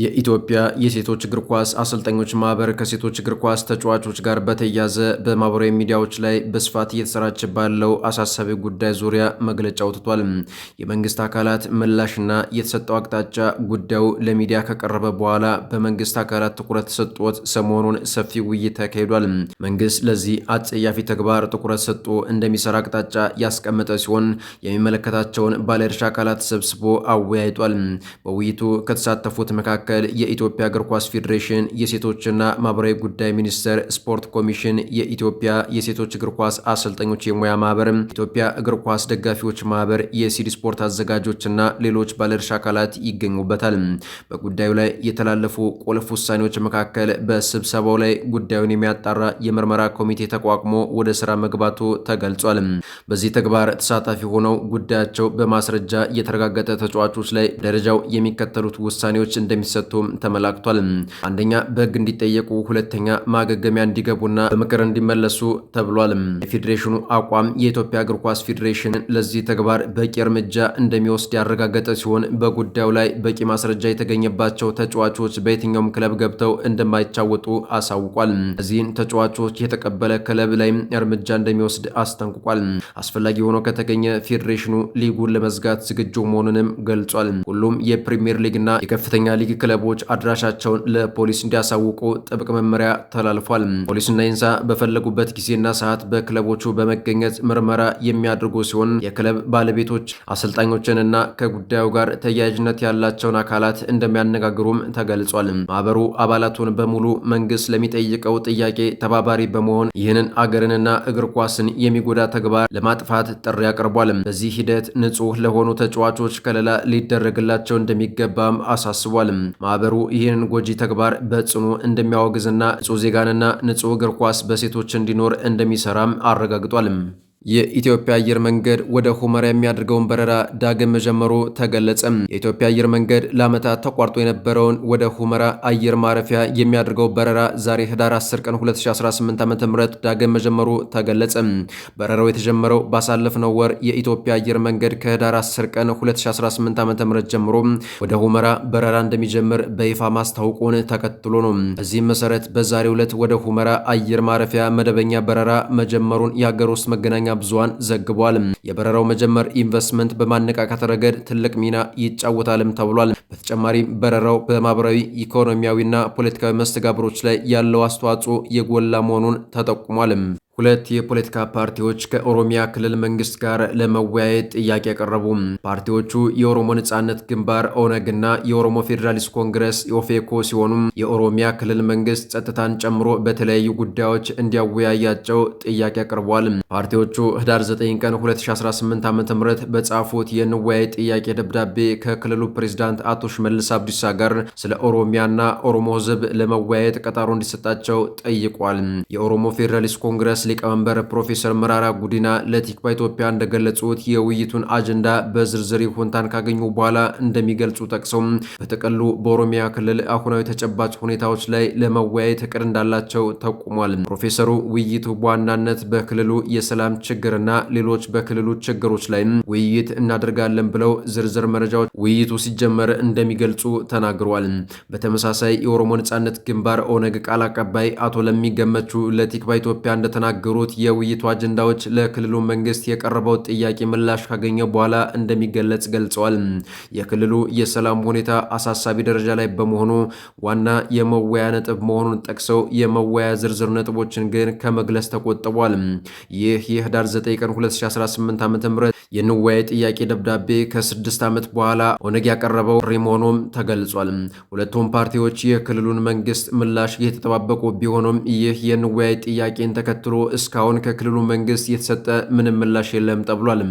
የኢትዮጵያ የሴቶች እግር ኳስ አሰልጣኞች ማህበር ከሴቶች እግር ኳስ ተጫዋቾች ጋር በተያያዘ በማህበራዊ ሚዲያዎች ላይ በስፋት እየተሰራጨ ባለው አሳሳቢ ጉዳይ ዙሪያ መግለጫ አውጥቷል። የመንግስት አካላት ምላሽና የተሰጠው አቅጣጫ ጉዳዩ ለሚዲያ ከቀረበ በኋላ በመንግስት አካላት ትኩረት ተሰጥቶት ሰሞኑን ሰፊ ውይይት ተካሂዷል። መንግስት ለዚህ አጸያፊ ተግባር ትኩረት ሰጥቶ እንደሚሰራ አቅጣጫ ያስቀመጠ ሲሆን የሚመለከታቸውን ባለድርሻ አካላት ሰብስቦ አወያይቷል። በውይይቱ ከተሳተፉት መካከል መካከል የኢትዮጵያ እግር ኳስ ፌዴሬሽን፣ የሴቶችና ማህበራዊ ጉዳይ ሚኒስቴር፣ ስፖርት ኮሚሽን፣ የኢትዮጵያ የሴቶች እግር ኳስ አሰልጣኞች የሙያ ማህበር፣ ኢትዮጵያ እግር ኳስ ደጋፊዎች ማህበር፣ የሲዲ ስፖርት አዘጋጆችና ሌሎች ባለድርሻ አካላት ይገኙበታል። በጉዳዩ ላይ የተላለፉ ቁልፍ ውሳኔዎች መካከል በስብሰባው ላይ ጉዳዩን የሚያጣራ የምርመራ ኮሚቴ ተቋቁሞ ወደ ስራ መግባቱ ተገልጿል። በዚህ ተግባር ተሳታፊ ሆነው ጉዳያቸው በማስረጃ የተረጋገጠ ተጫዋቾች ላይ ደረጃው የሚከተሉት ውሳኔዎች እንደሚ እንደሚሰጡም ተመላክቷል። አንደኛ በህግ እንዲጠየቁ፣ ሁለተኛ ማገገሚያ እንዲገቡና በምክር እንዲመለሱ ተብሏል። የፌዴሬሽኑ አቋም የኢትዮጵያ እግር ኳስ ፌዴሬሽን ለዚህ ተግባር በቂ እርምጃ እንደሚወስድ ያረጋገጠ ሲሆን በጉዳዩ ላይ በቂ ማስረጃ የተገኘባቸው ተጫዋቾች በየትኛውም ክለብ ገብተው እንደማይጫወጡ አሳውቋል። እዚህን ተጫዋቾች የተቀበለ ክለብ ላይም እርምጃ እንደሚወስድ አስጠንቅቋል። አስፈላጊ ሆኖ ከተገኘ ፌዴሬሽኑ ሊጉን ለመዝጋት ዝግጁ መሆኑንም ገልጿል። ሁሉም የፕሪምየር ሊግና የከፍተኛ ሊግ ክለቦች አድራሻቸውን ለፖሊስ እንዲያሳውቁ ጥብቅ መመሪያ ተላልፏል። ፖሊስና ኢንሳ በፈለጉበት ጊዜና ሰዓት በክለቦቹ በመገኘት ምርመራ የሚያደርጉ ሲሆን የክለብ ባለቤቶች አሰልጣኞችንና ከጉዳዩ ጋር ተያያዥነት ያላቸውን አካላት እንደሚያነጋግሩም ተገልጿል። ማህበሩ አባላቱን በሙሉ መንግስት ለሚጠይቀው ጥያቄ ተባባሪ በመሆን ይህንን አገርንና እግር ኳስን የሚጎዳ ተግባር ለማጥፋት ጥሪ አቅርቧል። በዚህ ሂደት ንጹህ ለሆኑ ተጫዋቾች ከለላ ሊደረግላቸው እንደሚገባም አሳስቧል። ማህበሩ ይህንን ጎጂ ተግባር በጽኑ እንደሚያወግዝና ንጹህ ዜጋንና ንጹህ እግር ኳስ በሴቶች እንዲኖር እንደሚሰራም አረጋግጧልም። የኢትዮጵያ አየር መንገድ ወደ ሁመራ የሚያደርገውን በረራ ዳግም መጀመሩ ተገለጸም። የኢትዮጵያ አየር መንገድ ለዓመታት ተቋርጦ የነበረውን ወደ ሁመራ አየር ማረፊያ የሚያደርገው በረራ ዛሬ ህዳር 10 ቀን 2018 ዓ ም ዳግም መጀመሩ ተገለጸም። በረራው የተጀመረው ባሳለፍነው ወር የኢትዮጵያ አየር መንገድ ከህዳር 10 ቀን 2018 ዓ ም ጀምሮ ወደ ሁመራ በረራ እንደሚጀምር በይፋ ማስታወቁን ተከትሎ ነው። በዚህም መሰረት በዛሬው ዕለት ወደ ሁመራ አየር ማረፊያ መደበኛ በረራ መጀመሩን የሀገር ውስጥ መገናኛ ብዙሃን ዘግቧል። የበረራው መጀመር ኢንቨስትመንት በማነቃቃት ረገድ ትልቅ ሚና ይጫወታልም ተብሏል። በተጨማሪም በረራው በማህበራዊ ኢኮኖሚያዊና ፖለቲካዊ መስተጋብሮች ላይ ያለው አስተዋጽኦ የጎላ መሆኑን ተጠቁሟል። ሁለት የፖለቲካ ፓርቲዎች ከኦሮሚያ ክልል መንግስት ጋር ለመወያየት ጥያቄ ያቀረቡ። ፓርቲዎቹ የኦሮሞ ነጻነት ግንባር ኦነግና የኦሮሞ ፌዴራሊስት ኮንግረስ ኦፌኮ ሲሆኑ የኦሮሚያ ክልል መንግስት ጸጥታን ጨምሮ በተለያዩ ጉዳዮች እንዲያወያያቸው ጥያቄ አቅርቧል። ፓርቲዎቹ ህዳር 9 ቀን 2018 ዓ ም በጻፉት የንወያይ ጥያቄ ደብዳቤ ከክልሉ ፕሬዚዳንት አቶ ሽመልስ አብዲሳ ጋር ስለ ኦሮሚያና ኦሮሞ ህዝብ ለመወያየት ቀጠሮ እንዲሰጣቸው ጠይቋል። የኦሮሞ ፌዴራሊስት ኮንግረስ ሊቀመንበር ፕሮፌሰር መራራ ጉዲና ለቲክባ ኢትዮጵያ እንደገለጹት የውይይቱን አጀንዳ በዝርዝር ሁንታን ካገኙ በኋላ እንደሚገልጹ ጠቅሰው በጥቅሉ በኦሮሚያ ክልል አሁናዊ ተጨባጭ ሁኔታዎች ላይ ለመወያየት እቅድ እንዳላቸው ጠቁሟል። ፕሮፌሰሩ ውይይቱ በዋናነት በክልሉ የሰላም ችግርና ሌሎች በክልሉ ችግሮች ላይ ውይይት እናደርጋለን ብለው ዝርዝር መረጃዎች ውይይቱ ሲጀመር እንደሚገልጹ ተናግሯል። በተመሳሳይ የኦሮሞ ነጻነት ግንባር ኦነግ ቃል አቀባይ አቶ ለሚገመቹ ለቲክባ ኢትዮጵያ እንደተናገ ከተነጋገሩት የውይይቱ አጀንዳዎች ለክልሉ መንግስት የቀረበው ጥያቄ ምላሽ ካገኘ በኋላ እንደሚገለጽ ገልጸዋል። የክልሉ የሰላም ሁኔታ አሳሳቢ ደረጃ ላይ በመሆኑ ዋና የመወያ ነጥብ መሆኑን ጠቅሰው የመወያ ዝርዝር ነጥቦችን ግን ከመግለጽ ተቆጥቧል። ይህ የህዳር 9 ቀን 2018 ዓ ም የንዋይ ጥያቄ ደብዳቤ ከስድስት ዓመት በኋላ ኦነግ ያቀረበው ሪ መሆኑም ተገልጿል። ሁለቱም ፓርቲዎች የክልሉን መንግስት ምላሽ እየተጠባበቁ ቢሆኑም ይህ የንዋይ ጥያቄን ተከትሎ እስካሁን ከክልሉ መንግስት የተሰጠ ምንም ምላሽ የለም ተብሏል።